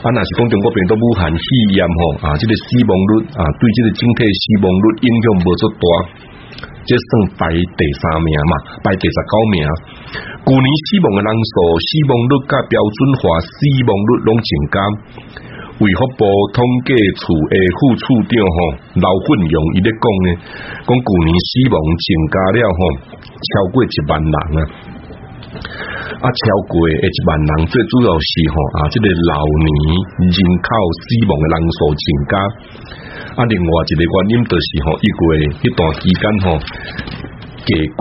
啊，若是講中國病毒武漢肺炎吼啊，這個死亡率啊，對這個整體死亡率影響無遮大，即算排第三名嘛，排第十九名。去年死亡嘅人數、死亡率加標準化死亡率攏增加，衛福部統計處副處長吼劉奮勇，伊咧講講去年死亡增加了吼，超過一萬人啊！啊，超過一萬人，最主要係吼啊，即個老年人口死亡嘅人數增加。啊，另外一個原因就是吼，一個一段過時間吼，氣溫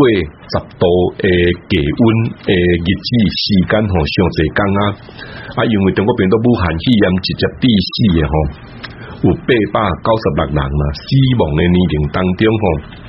十度誒，氣溫誒，日子時間吼相對高啊，啊，因為中國邊都武漢肺炎直接致死嘅吼，有八百九十六人啊，死亡嘅年齡當中吼。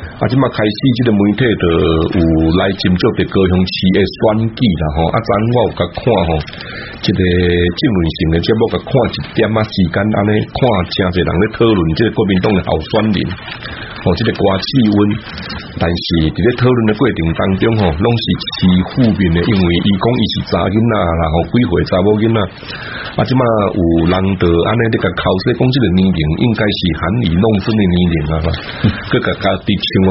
啊，即擺開始，即個媒體的有來斟酌的高雄市選舉啦。吼，啊，昨昏我有甲看吼、喔，即個新聞性嘅節目甲看一點仔時間安尼看，真儕人咧討論，即個國民黨嘅候選人，吼、喔，即、這個歌氣溫，但是佇咧討論嘅過程當中吼、喔，攏是欺負面嘅，因為伊講伊是查某囡仔啦，然後幾歲查某囡仔啊，即擺有人得安尼咧甲考說講，即個年齡，應該是含飴弄孫嘅年齡啊嘛，佮佮啲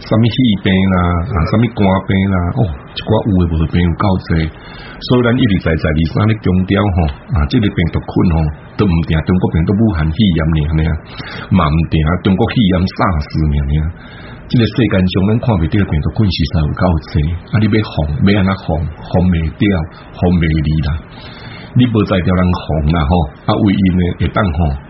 什物肺病啦，啊，什麼肝病啦，哦，一寡有誒，無誒病有夠集，所以咱一二在在二三啲中調吼，啊，即、這個病毒菌嗬，都毋定中國病毒武漢肺炎嚟，安尼啊，毋定啊，中國肺炎殺死嚟，安尼啊，即、這個世間上咱看唔着誒病毒菌是有夠集，啊，你要防，咩安尼防，防未掉，防未離啦，你無才調人防啦，吼，啊，唯一誒會當吼。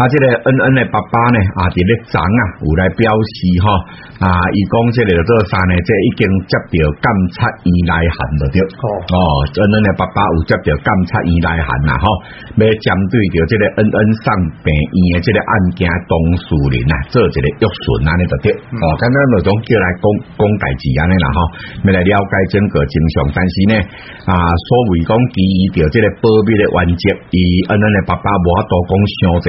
啊！即、這個恩恩的爸爸呢？啊，啲啲針啊，有來表示吼。啊，伊講出個呢座山呢，即、這個、已經接住監察院內函了。就哦。哦，恩恩的爸爸有接住監察院內函啦，吼、啊，要針對着呢個恩恩上病院的呢個案件，當事人啊，做一個約詢嗱，呢度啲。哦，今日老講，叫來講講代志安尼啦，吼、啊啊，要來了解整個真相。但是呢，啊，所謂講基於着呢個保密的原則，伊恩恩的爸爸無法多講，詳細。